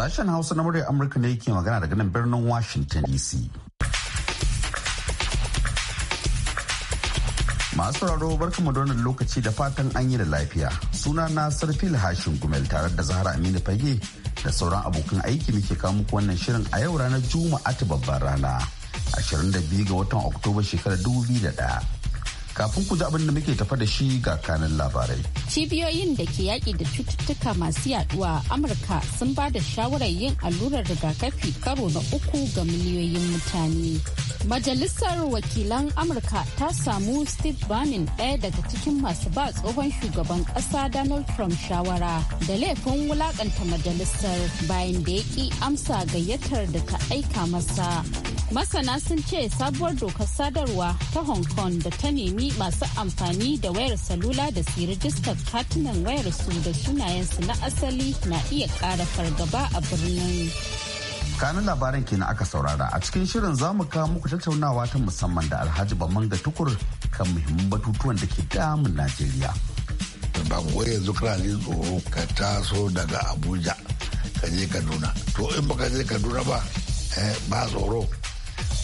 Sashen Hausa na muryar Amurka ne yake magana daga nan birnin Washington DC. Masu raro barka da wannan lokaci da fatan an yi da lafiya. Suna na Sarfil Hashin Gumel tare da Zahra Aminu Fage da sauran abokan aiki muke kawo muku wannan shirin a yau ranar Juma'a ta babban rana. 22 ga watan Oktoba shekarar 2001. kafin ku ji abin da muke tafa da shi ga kanan labarai. Cibiyoyin da ke yaƙi da cututtuka masu yaduwa a Amurka sun ba da shawarar yin allurar rigakafi karo na uku ga miliyoyin mutane. Majalisar wakilan Amurka ta samu Steve Bannon ɗaya daga cikin masu ba tsohon shugaban ƙasa Donald Trump shawara da laifin wulaƙanta majalisar bayan da ya ƙi amsa gayyatar da ta aika masa. masana sun ce sabuwar dokar sadarwa ta hong kong da ta nemi masu amfani da wayar salula da su rijistar katunan wayarsu da sunayensu na asali na iya ƙara fargaba a birnin kanun labaran kenan aka saurara a cikin shirin za mu kawo muku tattaunawa ta musamman da alhaji bamman da tukur kan muhimman batutuwan da ke damun najeriya ba yanzu zukra ne tsoro ka taso daga abuja ka je kaduna to in baka je kaduna ba eh, ba tsoro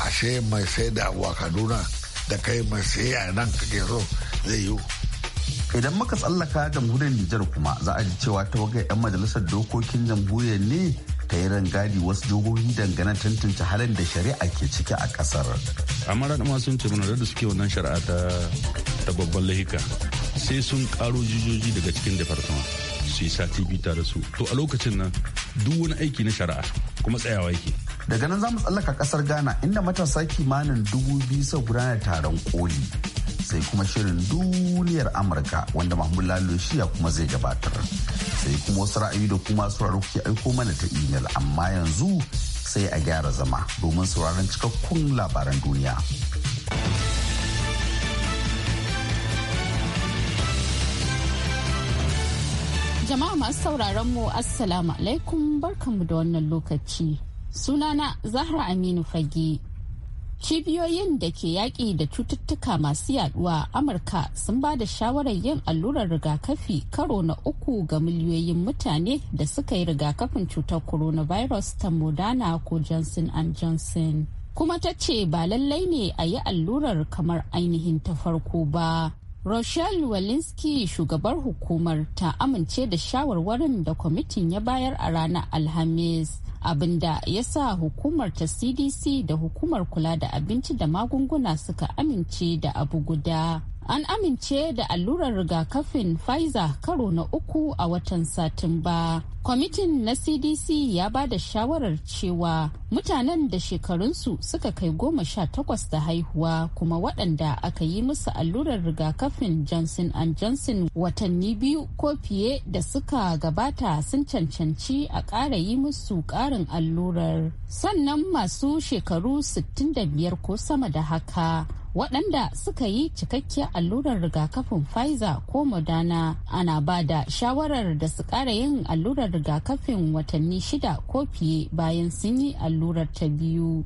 ashe mai sai da abu kaduna da kai mai sai a nan kake so zai yiwu idan muka tsallaka jamhuriyar nijar kuma za a ji cewa ta waga 'yan majalisar dokokin jamhuriyar ne ta yi rangadi wasu jihohi dangane tantance halin da shari'a ke ciki a kasar. amma raɗa sun ce mana da suke wannan shari'a ta babban lahika sai sun karo jijoji daga cikin departama su yi sati biyu da su to a lokacin nan duk wani aiki na shari'a kuma tsayawa yake daga nan za mu tsallaka kasar ghana inda matasa kimanin dubu biyu sau gudanar taron koli sai kuma shirin duniyar amurka wanda mahmud lalo shiya kuma zai gabatar sai kuma wasu ra'ayi da kuma sauraro ke aiko mana ta imel amma yanzu sai a gyara zama domin sauraron cikakkun labaran duniya jama'a masu sauraron mu assalamu alaikum barkanmu da wannan lokaci Sunana Zahra Aminu Fage. Cibiyoyin da ke yaƙi da cututtuka masu yaduwa a Amurka sun ba da shawarar yin allurar rigakafi karo na uku ga miliyoyin mutane da suka yi rigakafin cutar coronavirus ta Moderna ko Johnson and Johnson. Kuma ta ce ba lallai ne a yi allurar kamar ainihin ta farko ba. Rochelle Walensky shugabar hukumar ta amince da shawarwarin da kwamitin ya bayar a ranar Alhamis. abinda ya sa hukumar ta cdc da hukumar kula da abinci da magunguna suka amince da abu guda an amince da allurar rigakafin pfizer karo na uku a watan satumba kwamitin na cdc ya ba da shawarar cewa mutanen da shekarunsu suka kai goma sha takwas da haihuwa kuma waɗanda aka yi musu allurar rigakafin johnson and johnson watanni biyu ko fiye da suka gabata sun cancanci a ƙara yi musu ƙarin allurar sannan masu shekaru 65 ko sama da haka waɗanda suka yi cikakkiyar allurar rigakafin pfizer ko moderna ana ba da shawarar da su ƙara yin allurar rigakafin watanni shida ko fiye bayan sun yi allurar ta biyu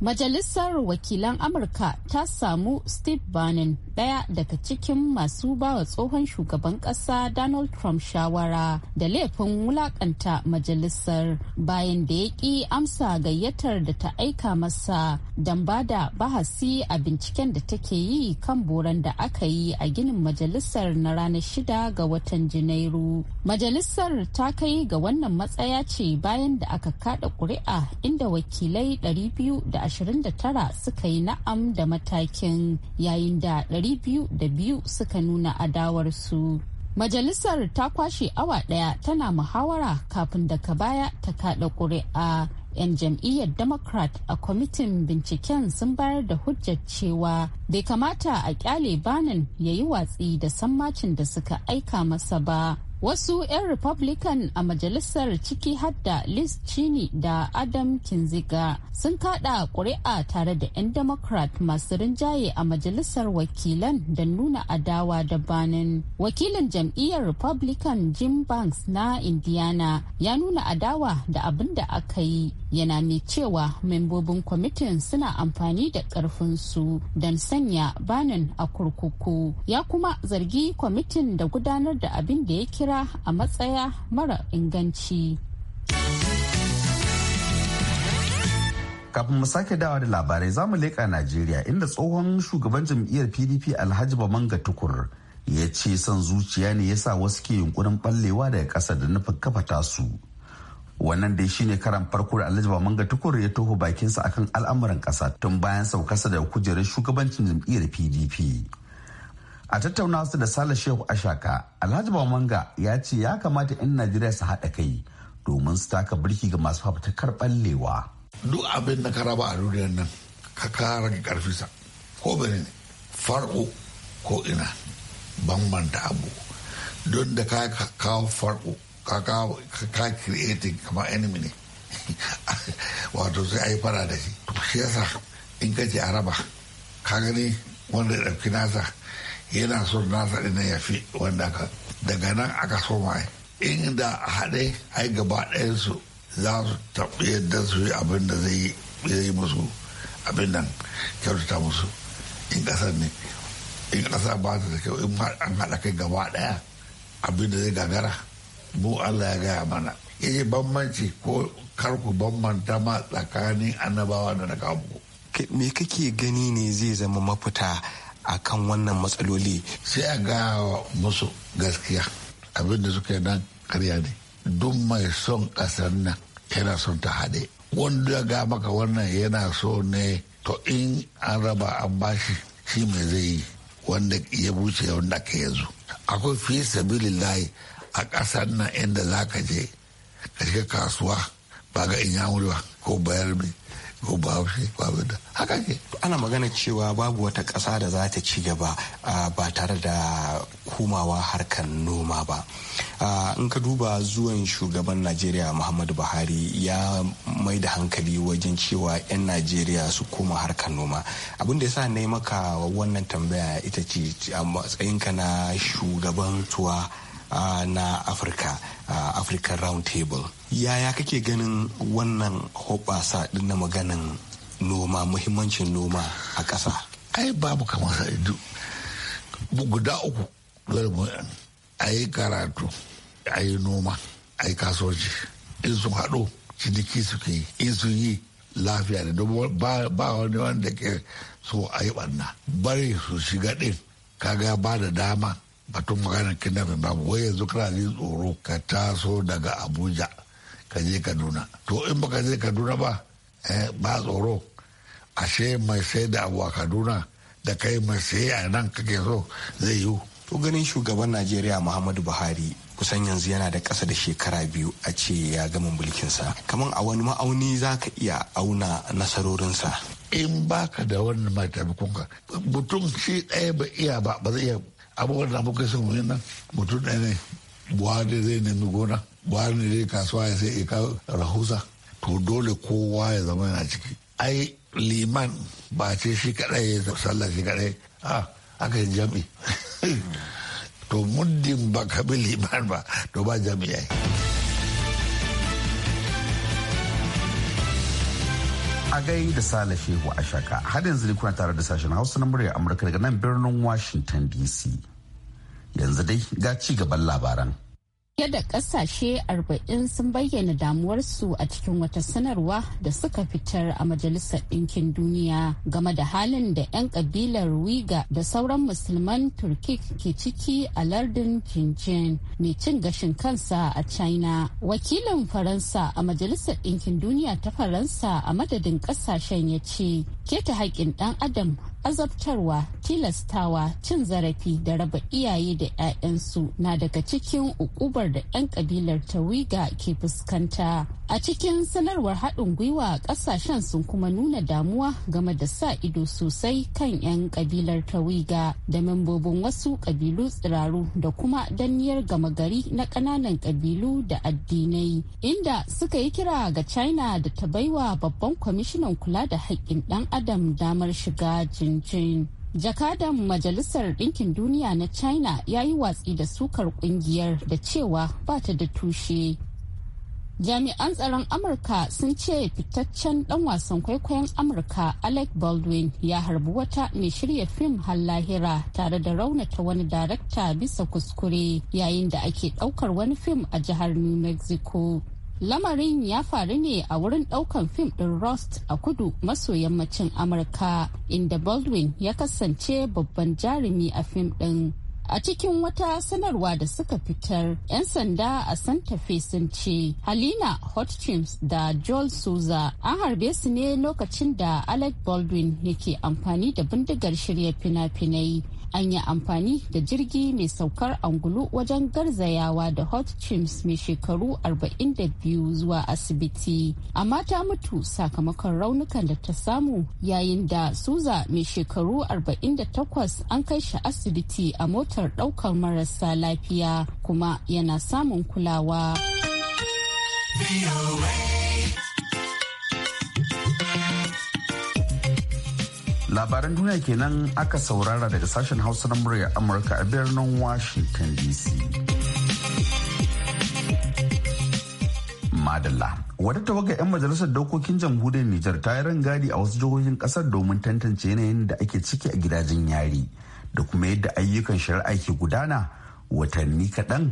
majalisar wakilan amurka ta samu steve bannon daya daga cikin masu bawa tsohon shugaban kasa Donald Trump shawara da laifin wulakanta majalisar bayan da ya ƙi amsa gayyatar da ta aika masa don ba da bahasi a binciken da take yi kan boran da aka yi a ginin majalisar na ranar shida ga watan Janairu. Majalisar ta kai ga wannan matsaya ce bayan da aka kada ƙuri'a inda wakilai 229 suka yi na'am da matakin yayin da biyu suka nuna adawarsu. Majalisar ta kwashe awa ɗaya tana muhawara kafin daga baya ta kaɗa ƙuri'a. 'Yan jam'iyyar Democrat a kwamitin binciken sun bayar da hujjar cewa bai kamata a kyale banan ya yi watsi da sammacin da suka aika masa ba Wasu 'yan Republican a majalisar ciki hadda Liz Cheney da Adam Kinziga sun kada ƙuri'a tare da 'yan Democrat masu rinjaye a majalisar wakilan da nuna adawa da banin. Wakilin jam'iyyar Republican Jim Banks na Indiana ya nuna adawa da abin da aka yi yana mai cewa membobin kwamitin suna amfani da ƙarfinsu don sanya banin a kurkuku. Ya kuma zargi kwamitin da gudanar da abin da ya kira kira a matsaya mara inganci. kafin mu sake dawa da labarai za mu leƙa najeriya inda tsohon shugaban jam'iyyar pdp alhaji bamanga tukur ya ce son zuciya ne ya sa wasu ke yunkurin ɓallewa daga ƙasa da nufin kafa tasu wannan dai shine karan farko da alhaji bamanga tukur ya toho bakinsa akan al'amuran ƙasa tun bayan saukasa da kujerar shugabancin jam'iyyar pdp a tattauna su da sale shehu ashaka alhaji bamanga ya ce ya kamata in najeriya su haɗa kai domin su taka birki ga masu fafutukar ɓallewa. duk abin da ka raba a duniyar nan ka kara ga karfisa ko bane ne farko ko ina bambanta abu don da ka kawo farko ka kawo ka creating kamar enemy ne wato sai a yi fara da shi to shi yasa in ka ce a raba ka gani wanda ya ɗauki nasa yana so na zaɗi na yafi wanda ka daga nan aka so ma inda haɗe ai gaba ɗayansu za su taɓa yadda su yi abin da zai yi musu abin nan kyautata musu in ƙasar ne in ƙasa ba ta da kyau in an haɗa kai gaba ɗaya abin da zai gagara mu Allah ya gaya mana yaje bambanci ko karku ku bambanta ma tsakanin annabawa da na kawo me kake gani ne zai zama mafita a kan wannan matsaloli sai a ga musu gaskiya abin da suka yi nan karya ne duk mai son ƙasar nan yana son ta haɗe wanda ya ga maka wannan yana so ne to in an raba an bashi shi mai zai yi wanda ya wuce wanda ka yanzu akwai fi layi a ƙasar nan inda za ka je ka shiga kasuwa ba ga in ko bayar mai ko babu da haka ke ana magana cewa babu wata ƙasa da za ta ci gaba ba tare da komawa harkar noma ba in ka duba zuwan shugaban najeriya muhammadu buhari ya mai da hankali wajen cewa 'yan najeriya su koma harkar noma abin da ya sa na maka wannan tambaya ita ce a matsayinka na shugaban tuwa na afirka african round table yaya kake ganin wannan hoɓasa din na maganin noma muhimmancin noma a ƙasa ai babu kamar sa'idu guda uku a yi karatu a yi noma a yi kasuwanci in sun haɗo ciniki suke yi in sun yi lafiya da Don ba wani wanda ke so a yi ɓanna bari su shiga ɗin kaga ba da dama batun maganar kidnapping babu wai yanzu kana jin tsoro ka taso daga abuja ka je kaduna to in baka je kaduna ba eh, ba tsoro ashe mai sai da abu kaduna da kai mai sai a nan kake so zai yiwu to ganin shugaban najeriya muhammadu buhari kusan yanzu yana da kasa da shekara biyu a ce ya gama mulkinsa kamar a wani ma'auni za ka iya auna nasarorinsa in baka da wannan mai kunka mutum shi ɗaya ba iya ba ba zai iya abubuwan da muka sun yi nan mutum ɗaya ne buhari zai nemi gona buhari ne zai kasuwa ya sai ika rahusa to dole kowa ya zama yana ciki ai liman ba ce shi kadai ya sallah shi kadai a aka yi jami to muddin ba ka bi liman ba to ba jami'ai Agai da Sale Shehu a shaka Har yanzu ne kuna tare da sashen Hausa na murya Amurka daga nan birnin Washington DC. Yanzu dai ga ci gaban labaran. Fiye da kasashe arba'in sun bayyana damuwarsu a cikin wata sanarwa da suka fitar a Majalisar Ɗinkin Duniya game da halin da 'yan ƙabilar Wiga da sauran musulman Turki ke ciki a lardin Jinjin mai cin gashin kansa a China. Wakilin Faransa a Majalisar Ɗinkin Duniya ta Faransa a madadin ƙasashen ya ce, keta haƙƙin ɗan adam azabtarwa tilastawa cin zarafi da raba iyaye da 'ya'yansu na daga cikin ukubar da 'yan kabilar tawiga ke fuskanta a cikin sanarwar haɗin gwiwa ƙasashen sun kuma nuna damuwa game da sa ido sosai kan 'yan kabilar tawiga da membobin wasu kabilu tsiraru da kuma danniyar gama gari na ƙananan ƙabilu da addinai inda suka yi kira ga china da ta baiwa babban kwamishinan kula da haƙƙin ɗan adam damar shiga jin Jinping. Jakadan Majalisar Ɗinkin Duniya na China ya yi watsi da sukar kungiyar da cewa ba ta da tushe. Jami'an tsaron Amurka sun ce fitaccen ɗan wasan kwaikwayon Amurka Alec Baldwin ya harbi wata mai shirya fim har lahira tare da raunata wani darakta bisa kuskure yayin da ake ɗaukar wani fim a jihar New Mexico. lamarin ya faru ne a wurin daukan fim din rust a kudu maso yammacin amurka inda baldwin ya kasance babban jarumi a fim din a cikin wata sanarwa da suka fitar 'yan sanda a santa fe sun ce halina hotchins da joel souza an harbe su ne lokacin da alec baldwin yake amfani da bindigar shirya fina-finai an yi amfani da jirgi mai saukar angulu wajen garzayawa da hot chimps mai shekaru 42 zuwa asibiti amma ta mutu sakamakon raunukan da ta samu yayin da suza mai shekaru 48 an kai shi asibiti a motar daukar marasa lafiya kuma yana samun kulawa. labaran duniya kenan aka saurara daga sashen hausa na murya amurka a birnin washington dc madalla wata tawaga 'yan majalisar dokokin jamhuriyar nijar ta yi rangadi a wasu jihohin kasar domin tantance yanayin da ake ciki a gidajen yari da kuma yadda ayyukan shari'a ke gudana watanni kaɗan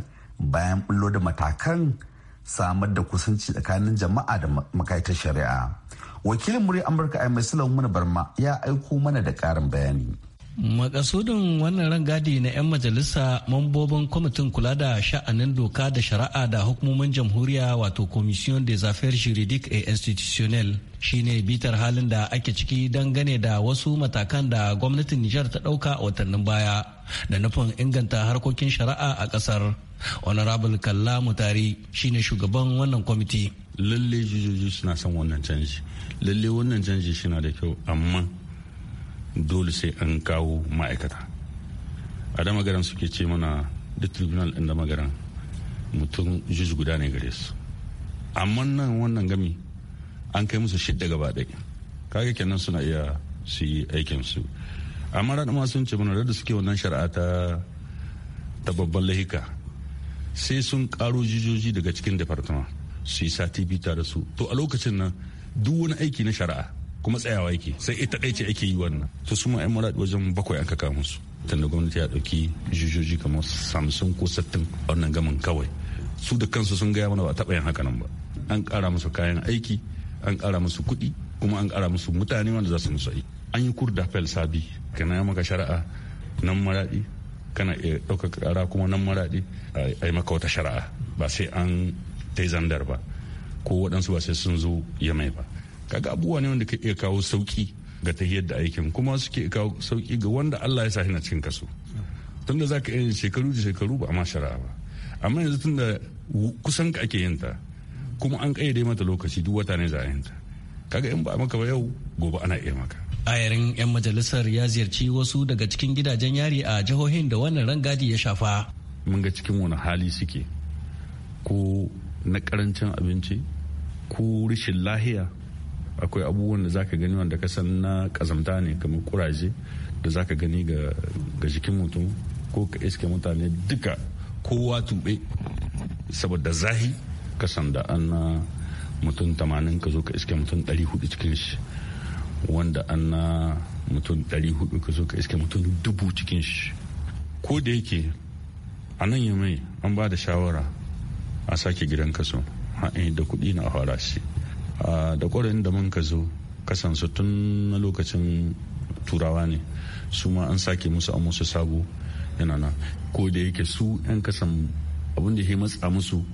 bayan bullo da matakan samar da kusanci tsakanin jama'a da makaitar shari'a wakilin murya amurka a mai barma ya aiko mana da karin bayani makasudin wannan rangadi na 'yan majalisa mambobin kwamitin kula da sha'anin doka da shari'a da hukumomin jamhuriya wato commission des affaires juridiques et institutionnelles shine bitar halin da ake ciki gane da wasu matakan da gwamnatin nijar ta dauka a watannin baya da nufin inganta harkokin shari'a a kasar honorable kalla mutari shine shugaban wannan kwamiti lalle jijoji suna son wannan canji lalle wannan canji shina da kyau amma dole sai an kawo ma'aikata a da magaran suke ce mana da tribunal ɗin da magaran mutum juj guda ne gare su amma nan wannan gami an kai musu shidda gaba ɗaya kaga kenan suna iya su yi aikin su amma raɗa sun ce mana da suke wannan shari'a ta babban lahika sai sun karo jijoji daga cikin departama su yi sati bita da su to a lokacin nan duk wani aiki na shari'a kuma tsayawa yake sai ita ce ake yi wannan to su ma'ayan murad wajen bakwai an kaka musu tunda gwamnati ya ɗauki jijoji kamar samsung ko sattin wannan gamin kawai su da kansu sun gaya mana ba taɓa yin haka nan ba an ƙara musu kayan aiki an ƙara musu kuɗi kuma an ƙara musu mutane wanda za su musu an yi kurda fel sabi kana ya maka shari'a nan maraɗi kana iya ɗaukaka ƙara kuma nan maraɗi a yi maka wata shari'a ba sai an ta zandar ba ko waɗansu ba sai sun zo ya mai ba kaga abubuwa ne wanda ka iya kawo sauki ga tahiyar da aikin kuma suke kawo sauki ga wanda Allah ya sa shi na cikin kaso tunda za ka iya shekaru da shekaru ba ma shari'a ba amma yanzu tunda kusan ka ake yin ta kuma an ƙayyade mata lokaci duk wata ne za a yin ta kaga in ba maka ba yau gobe ana iya maka ayarin 'yan majalisar ya ziyarci wasu daga cikin gidajen yari a jihohin da wannan rangadi ya shafa mun ga cikin wani hali suke ko na karancin abinci ko rashin lahiya akwai abubuwan da zaka gani wanda kasan na kazamta ne kamar kuraje da zaka gani ga jikin mutum ko ka iske mutane duka kowa tuɓe saboda zahi kasan da an mutum 80 ka zo ka iske mutum 400 cikin shi wanda an na mutum 400 ka so ka iske mutum dubu cikin shi ko da yake a nan ya mai an ba da shawara a sake gidan kaso ha'in eh, da kudi na fara shi da ƙwarin da man ka zo kasansu tun na lokacin turawa ne su ma an sake musu an musu sabo yana nan ko da yake su 'yan kasan abin da ya matsa musu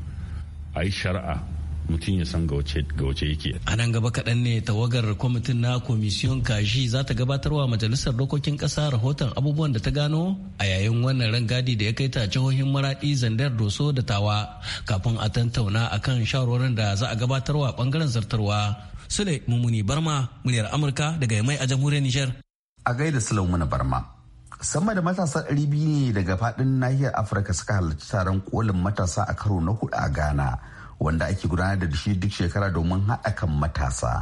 a yi shari'a mutum ya san ga wace yake a nan gaba kaɗan ne tawagar kwamitin na komisiyon kashi za ta gabatarwa majalisar dokokin ƙasa rahoton abubuwan da ta gano a yayin wannan rangadi da ya kai ta jihohin maraɗi zandar doso da tawa kafin a tantauna kan shawarwarin da za a gabatarwa ɓangaren zartarwa sule mumuni barma muryar amurka daga mai a jamhuriyar nijar a gaida sulaimuna barma sama da matasa ɗari biyu ne daga faɗin nahiyar afirka suka halarci taron kolin matasa a karo na hudu a ghana wanda ake gudanar da shi duk shekara domin haɗa kan matasa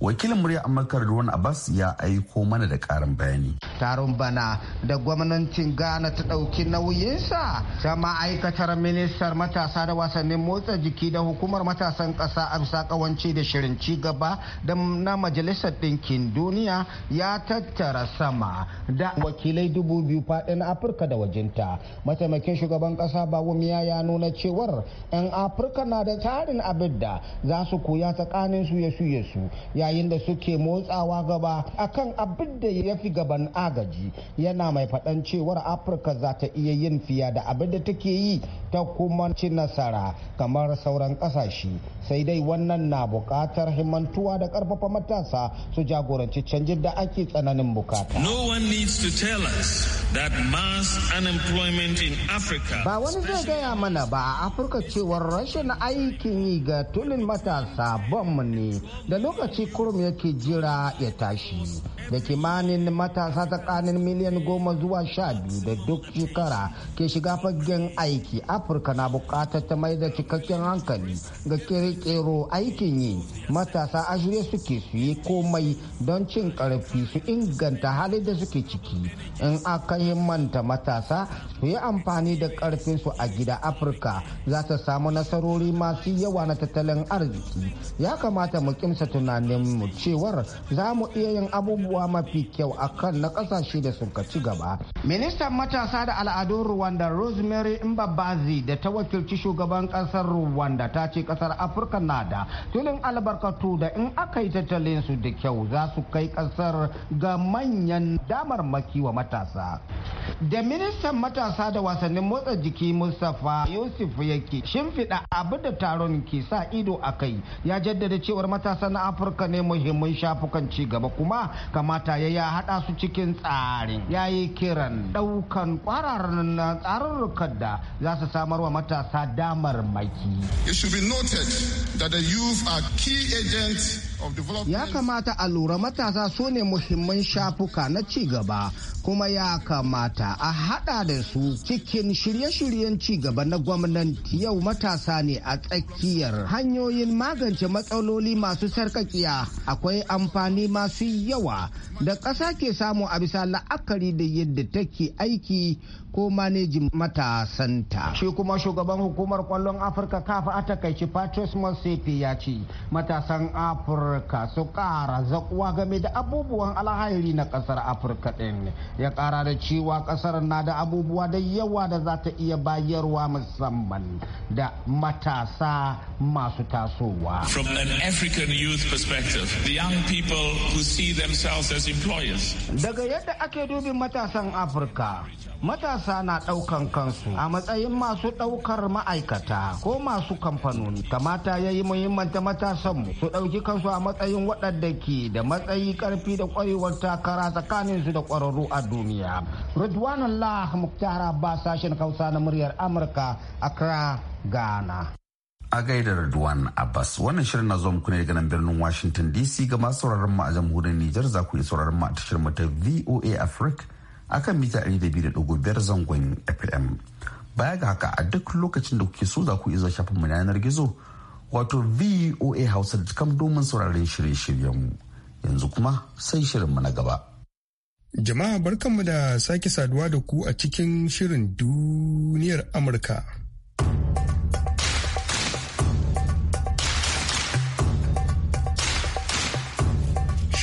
wakilin murya amurka ruwan abbas ya aiko mana da karin bayani taron bana da gwamnatin ghana ta ɗauki nauyinsa ta ma'aikatar ministar matasa da wasannin motsa jiki da hukumar matasan ƙasa a bisa ƙawance da shirin ci gaba da na majalisar ɗinkin duniya ya tattara sama da wakilai dubu biyu faɗin afirka da wajenta mataimakin shugaban ƙasa bawumiya ya nuna cewar 'yan afirka na da tarin abin da za su koya tsakanin su ya su ya su ya yayin da suke motsawa gaba akan abin da ya fi gaban agaji yana mai faɗan cewar afirka za ta iya yin fiya da abin da take yi ta kuma ci nasara kamar sauran ƙasashe sai dai wannan na buƙatar himmantuwa da ƙarfafa matasa su jagoranci canjin da ake tsananin bukata. No one needs to tell us that mass unemployment in Africa. Ba wani zai gaya mana ba a Afirka cewar rashin aikin yi ga tulin matasa bom ne da lokaci kurum yake jira ya tashi da kimanin matasa tsakanin miliyan goma zuwa sha biyu da duk shekara ke shiga fagen aiki afirka na bukatar ta mai da cikakken hankali ga kirkiro aikin yi matasa a suke su yi komai don cin karfi su inganta hali da suke ciki in aka manta matasa su yi amfani da karfinsu a gida afirka za ta samu nasarori masu yawa na tattalin arziki ya kamata mu kimsa tunanin mu cewar za mu iya yin abubuwa mafi kyau a kan na kasashe da suka ci gaba. Ministan matasa da al'adun Rwanda Rosemary Mbabazi da ta wakilci shugaban kasar Rwanda ta ce kasar Afirka na da tulin albarkatu da in aka yi tattalin su da kyau za su kai kasar ga manyan maki wa matasa. Da ministan matasa da wasannin motsa jiki Mustapha Yusuf yake shimfiɗa abu da taron ke sa ido a kai ya jaddada cewar matasa na Afirka ne ne muhimman shafukan ci gaba kuma kamata ya ya haɗa su cikin tsarin ya yi kiran ɗaukan kwararren tsarurrukan da za su samar wa matasa damar maki. It should be noted that the youth are key agents Ya kamata a lura matasa su ne muhimman shafuka na cigaba kuma ya kamata a hada da su cikin shirye-shiryen cigaba na gwamnati yau matasa ne a tsakiyar hanyoyin magance matsaloli masu sarkakiya akwai amfani masu yawa da ƙasa ke samu a bisa la'akari da yadda take aiki ko manejin matasanta. Shi kuma shugaban hukumar kwallon Afirka kafa a takaici Patrice Motsepe ya ce matasan Afirka Afirka su kara zakuwa game da abubuwan alhairi na kasar afirka din ya kara da cewa kasar na da abubuwa da yawa da za ta iya bayarwa musamman da matasa masu tasowa from an african youth perspective the young people who see themselves as employers daga yadda ake dubin matasan afirka matasa na ɗaukan kansu a matsayin masu ɗaukar ma'aikata ko masu kamfanoni kamata ya yi muhimmanta matasanmu su ɗauki kansu a matsayin waɗanda ke da matsayi ƙarfi da ƙwarewar takara tsakanin su da ƙwararru a duniya ridwanullah muktar ba sashen hausa na muryar amurka accra ghana a gaida Radwan Abbas wannan shirin na zo muku ne daga nan birnin Washington DC ga masu sauraron mu a jamhuriyar Niger za ku yi sauraron mu a tashar mu ta VOA Africa akan mita 102.5 zangon FM. Baya ga haka a duk lokacin da kuke so za ku izo shafin mu yanar gizo wato VOA Hausa da kam domin sauraron shirye-shiryenmu. Yanzu kuma sai shirin mu na gaba. Jama'a barkanmu da sake saduwa da ku a cikin shirin duniyar Amurka.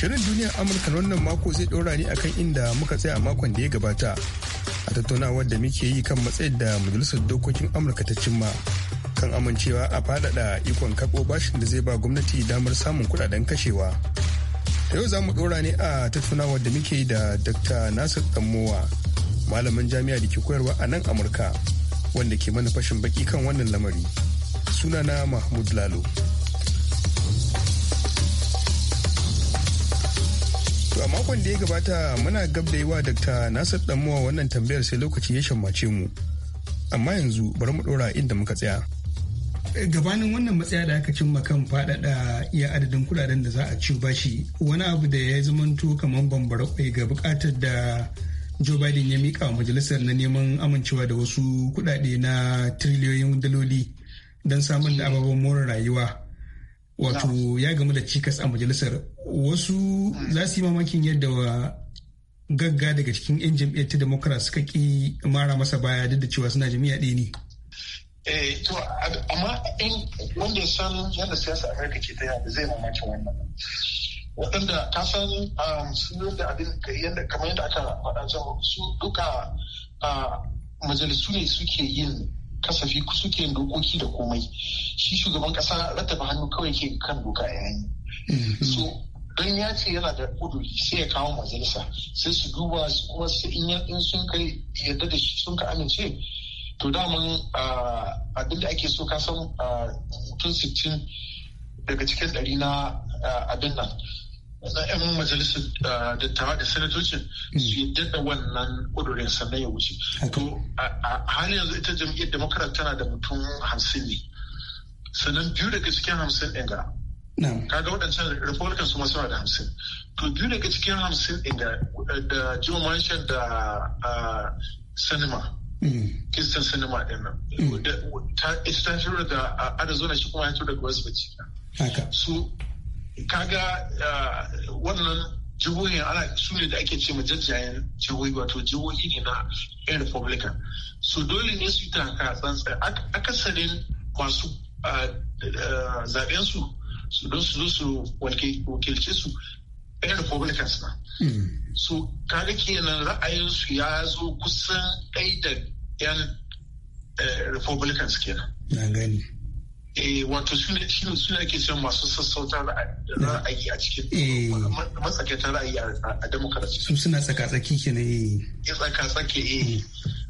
Shirin duniyar Amurka wannan mako zai ɗora ne akan inda muka tsaya a makon da ya gabata. A tattaunawar da muke yi kan matsayin da Majalisar Dokokin Amurka ta cimma kan amincewa a faɗaɗa ikon karɓo bashin da zai ba gwamnati damar samun kuɗaɗen kashewa. Yau za mu ɗora ne a tattaunawar da muke yi da Dr. Nasir Ɗanmowa, malamin jami'a da ke koyarwa a nan Amurka, wanda ke mana fashin baki kan wannan lamari. Sunana Mahmud Lalo. To a makon da ya gabata muna gab da yawa Dr. Nasir Damuwa wannan tambayar sai lokaci ya shammace mu. Amma yanzu bari mu ɗora inda muka tsaya. Gabanin wannan matsaya da aka cimma kan faɗaɗa iya adadin kuɗaɗen da za a ci bashi wani abu da ya zamanto kamar bambara kwai ga buƙatar da Joe Biden ya miƙa majalisar na neman amincewa da wasu kuɗaɗe na tiriliyoyin daloli don samun da ababen more rayuwa. Wato ya gamu da cikas a majalisar wasu za su yi mamakin yadda wa gagga daga cikin 'yan jam'iyyar ta democrat suka ƙi mara masa baya duk da cewa suna jam'iyyar ɗaya ne. Eh, to, amma in wanda ya san yadda siyasa Amurka ke ta yadda zai mamaki wannan. Waɗanda ka san um, sun yi da abin yadda kamar yadda aka faɗa can su duka majalisu ne suke yin kasafi suke yin dokoki da komai. Shi shugaban ƙasa rattaba hannu kawai ke kan doka yayin. Mm-hmm. So, don ya ce yana da uduri sai ya kawo majalisa sai su duba kuma in sun kai yadda da shi sun ka amince to daman abin da ake so ka san tun 60 daga cikin ɗari na abin nan na 'yan majalisar dattawa da sanatocin mm. su yadda da wannan ƙudurin sannan ya wuce. To a halin yanzu ita jam'iyyar demokrat tana da mutum hamsin ne. Sannan biyu daga cikin hamsin ɗin ga kaga waɗancan republican su masu da hamsin to biyu daga cikin hamsin inda da joe manchin da cinema mm-hmm. kistan cinema ɗin nan mm-hmm. ta ita fito daga arizona shi kuma ya tura daga west virginia so kaga wannan jihohi ana su ne da ake ce ma jajjayen jihohi wato jihohi ne na yan republican so dole ne su yi taka tsantsa akasarin masu zaɓensu su don su zo su wakilce su yan republicans ba hmm. su kaga kenan su ya zo kusan ɗai da yan eh, republicans kenan na gani eh, wato suna ake son masu sassauta ra'ayi a cikin eh. matsakaitar ra'ayi a demokarasi su suna tsaka-tsaki ke ne ya tsaka-tsaki eh hmm.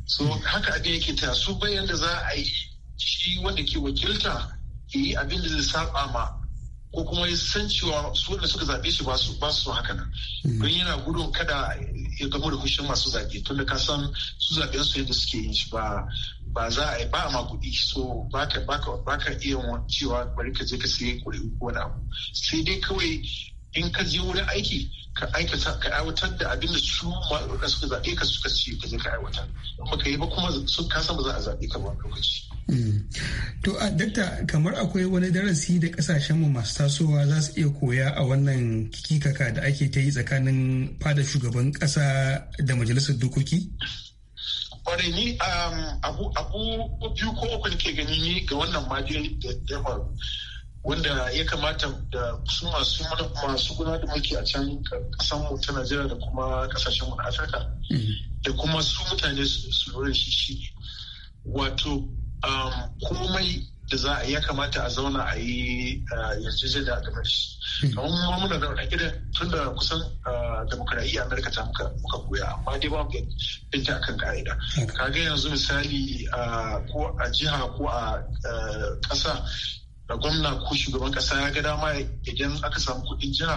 so haka abin yake ta su bayan da za a yi shi wanda ke wakilta yi abin da zai saba ma ko kuma ya san cewa su wanda suka zaɓe shi ba su ba su haka nan hmm. don yana gudun kada ya gamo da kushin masu zaɓe tun da ka san su zaɓe su yadda suke yin shi ba ba za a ba ma kuɗi so baka baka baka iya cewa bari ka je ka sayi kuɗi ko wani abu sai dai kawai in ka je wurin aiki ka aikata ka aiwatar da abin da su ma'aikata suka zaɓe ka suka ci ka je ka aiwatar ka yi ba kuma sun ka san ba za a zaɓe ka ba lokaci. Mm. to a dakta kamar akwai wani darasi da kasashen mu masu tasowa za su iya koya a wannan kikaka da ake ta yi tsakanin fada shugaban kasa da majalisar dokoki. kwarai ni um, abu biyu ko uku ke gani ni ga wannan majiyar da ya faru wanda ya kamata da su masu masu da mulki a can kasan mu ta Najeriya da kuma kasashen mu na Afirka da kuma su mutane su lura shi shi wato um, komai da za a ya kamata a zauna a yi zai uh, da shi. kamar mu muna da wani gida tun da kusan uh, demokradiyya Amerika ta muka koya amma dai ba mu binta akan ka'ida kaga yanzu misali uh, ko a jiha ko a ƙasa da gwamna ko shugaban kasa ya ga dama idan aka samu kuɗin jiha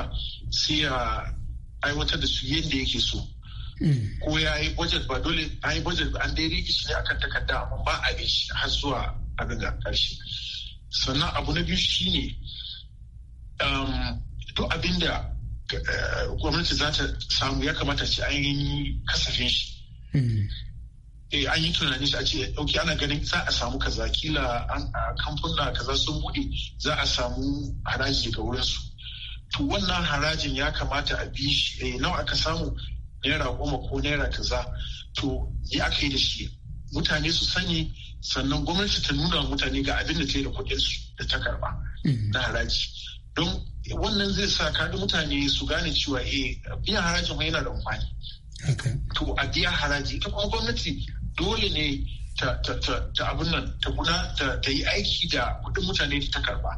sai ya aiwatar da su yadda yake so mm. ko ya yi budget ba dole a yi budget an dai riki shi ne a kan takarda amma ba a shi har zuwa abin ga karshe sannan abu na biyu ne um, to abinda eh, gwamnati za ta samu ya kamata ce an yi kasafin shi mm. eh an yi tunanin shi a ce dauki ana ganin za a samu kaza kila an kamfuna kaza sun buɗe za a samu haraji ga wurin su to wannan harajin ya kamata a bi shi eh nawa aka samu naira goma ko naira kaza to ya aka yi da shi mutane su sani sannan gwamnati ta nuna mutane ga abin da ta yi da kuɗin su da ta karba mm-hmm. na haraji don wannan zai sa kaɗi mutane su gane cewa eh biyan harajin yana da amfani to a biya haraji ita kuma gwamnati dole ne ta abin nan ta guna ta yi aiki da kudin mutane da ta karba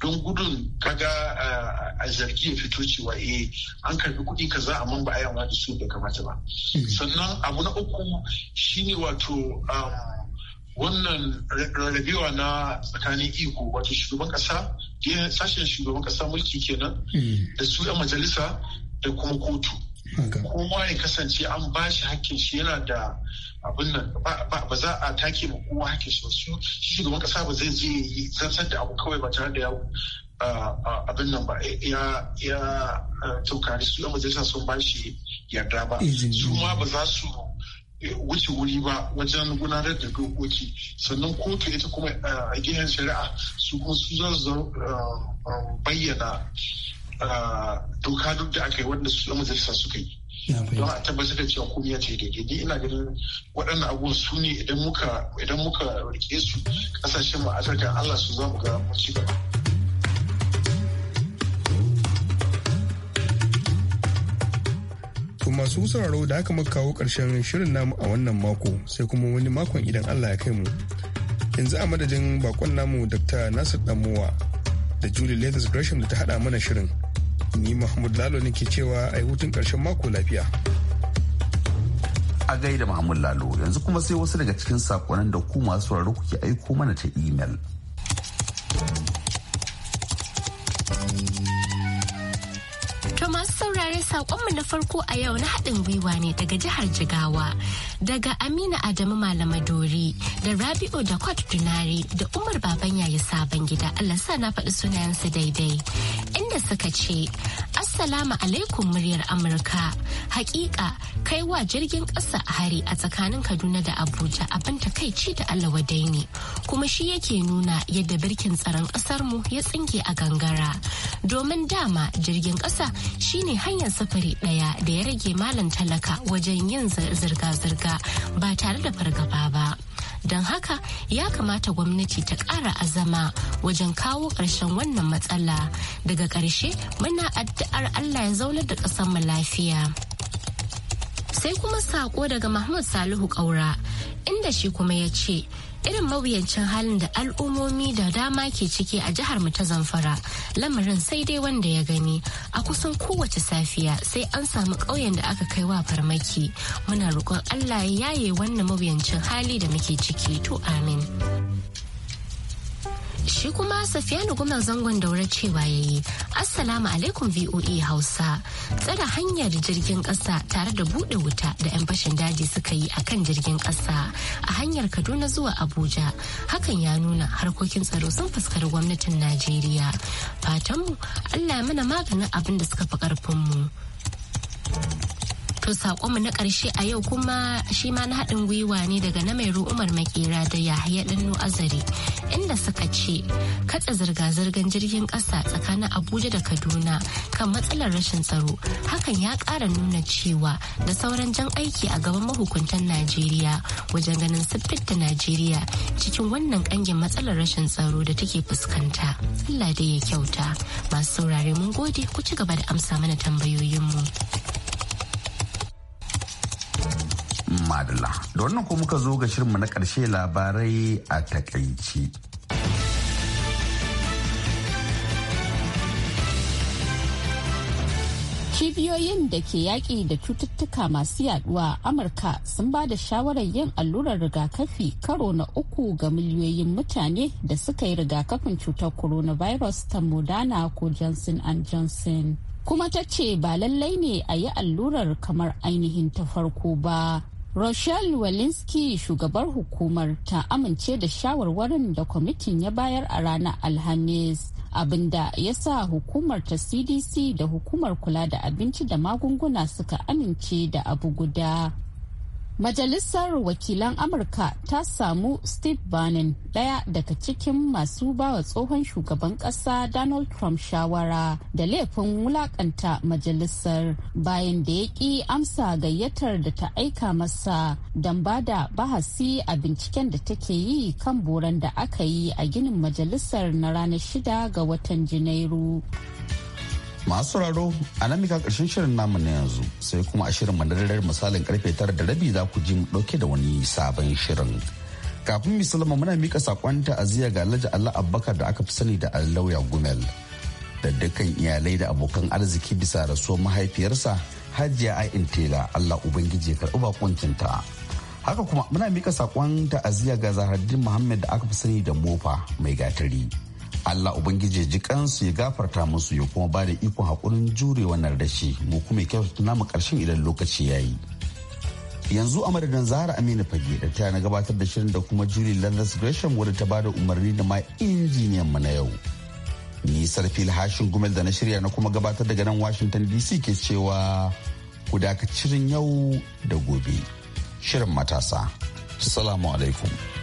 don gudun kaga ah, a zargi ya fito cewa eh an karbi kuɗi kaza man ba a da su bai kamata ba hmm. sannan abu na uku shine wato um, wannan rarrabewa na tsakanin iko wato shugaban kasa sashen shugaban kasa mulki kenan hmm. da su 'yan majalisa da kuma kotu kowa ya kasance an ba shi hakkin shi yana da abin nan ba za a take ma kowa hakkin shi su shi shugaban kasa ba zai je yi zantar da abu kawai ba tare da ya abin nan ba ya ya tukari su yan sun ba shi yarda ba su ma ba za su eh, wuce wuri ba wajen gudanar da dokoki sannan kotu ita kuma a gidan shari'a su kuma su zan eh, bayyana Ah, doka duk da aka yi wanda su majalisa suka yi don a tabbatar da cewa komai ya ce daidai ni ina ganin waɗannan abubuwan su ne idan muka idan rike su kasashen mu afirka allah su za mu ga mun ci gaba masu sauraro da aka muka kawo ƙarshen shirin namu a wannan mako sai kuma wani makon idan allah ya kai mu yanzu a madadin bakon namu dr nasir damuwa da julie leathers gresham da ta hada mana shirin Ni Mahmud Lalo ne ke cewa a hutun ƙarshen mako lafiya. A gaida Mahmud Lalo yanzu kuma sai wasu daga cikin sakonnin da ku masu sauraro kuke aiko mana ta imel. kai saƙonmu na farko a yau na haɗin gwiwa ne daga jihar Jigawa, daga Amina Adamu Malamadori, da Rabi'u da Kwat Dunari, da Umar Baban Yayi Sabon Gida, Allah sa na faɗi sunayensu daidai. Inda suka ce, Assalamu alaikum muryar Amurka. Hakika kai wa jirgin ƙasa hari a tsakanin Kaduna da Abuja abin takaici da Allah wadai ne. Kuma shi yake nuna yadda birkin tsaron mu ya tsinke a gangara. Domin dama jirgin ƙasa shine hanyar safari ɗaya da ya rage malam talaka wajen yin zirga-zirga ba tare da fargaba ba. don haka ya kamata gwamnati ta ƙara azama wajen kawo ƙarshen wannan matsala daga ƙarshe muna addu'ar allah ya zaunar da mu lafiya sai kuma saƙo daga mahmud salihu ƙaura inda shi kuma ya ce irin mawuyancin halin da al'ummomi da dama ke ciki a jihar mu ta zamfara lamarin sai dai wanda ya gani a kusan kowace safiya sai an samu ƙauyen da aka kai wa farmaki muna roƙon allah ya yaye wannan mawuyancin hali da muke ciki to amin. Shi kuma Safiyanu Gumal zangon daura cewa ya yi, Assalamu alaikum VOA Hausa. Tsara hanyar jirgin ƙasa tare da buɗe wuta da 'yan fashin daji suka yi a kan jirgin ƙasa a hanyar Kaduna zuwa Abuja. Hakan ya nuna harkokin tsaro sun fuskari gwamnatin Najeriya. Fatanmu Allah ya mana maganin abin da suka fi ƙarfinmu. wato sakonmu na karshe a yau kuma shi ma na haɗin gwiwa ne daga na mai Umar Makera da Yahaya ɗan Azare inda suka ce katsa zirga-zirgar jirgin ƙasa tsakanin Abuja da Kaduna kan matsalar rashin tsaro hakan ya ƙara nuna cewa da sauran jan aiki a gaban mahukuntan Najeriya wajen ganin siffit da Najeriya cikin wannan ƙangin matsalar rashin tsaro da take fuskanta. Allah dai ya kyauta masu saurare mun gode ku ci gaba da amsa mana tambayoyinmu. madala. Da wannan ko muka zo ga shirinmu na ƙarshe labarai a takaici. Cibiyoyin da ke yaƙi da cututtuka masu yaduwa a Amurka sun ba da shawarar yin allurar rigakafi karo na uku ga miliyoyin mutane da suka yi rigakafin cutar coronavirus ta Moderna ko Johnson Johnson. kuma ta ce ba lallai ne a yi allurar kamar ainihin ta farko ba Rochelle Walensky shugabar hukumar ta amince da shawarwarin da kwamitin ya bayar a ranar Alhamis. abinda ya sa hukumar ta cdc da hukumar kula da abinci da magunguna suka amince da abu guda Majalisar Wakilan Amurka ta samu Steve Bannon ɗaya daga cikin masu bawa tsohon shugaban ƙasa Donald Trump shawara da laifin wulakanta majalisar bayan da ya ƙi amsa gayyatar da ta aika masa don ba da bahasi a binciken da take yi kan boran da aka yi a ginin majalisar na ranar 6 ga watan Janairu. masu sauraro a nan muka karshen shirin namu na yanzu sai kuma a shirin madadar misalin karfe tara da rabi za ku ji mu dauke da wani sabon shirin kafin misalama muna mika sakon ta'aziya ga alhaji allah abubakar da aka fi sani da allauya gumel da dukkan iyalai da abokan arziki bisa rasuwar mahaifiyarsa hajiya ayin tela allah ubangiji ya karɓi ta haka kuma muna mika sakon ta'aziya ga zahardin muhammad da aka fi sani da mofa mai gatari Allah Ubangiji jikansu ya gafarta musu ya kuma ba da ikon haƙurin jure wannan rashi mu kuma kyautata namu ƙarshen idan lokaci ya yi. Yanzu a madadin Zahra Aminu Fage da ta na gabatar da shirin da kuma Julie Landers Gresham wadda ta bada umarni da ma injiniyan mu na yau. Ni Sarfil Hashin Gumel da na shirya na kuma gabatar daga nan Washington DC ke cewa ku dakaci yau da gobe. Shirin matasa. Salamu alaikum.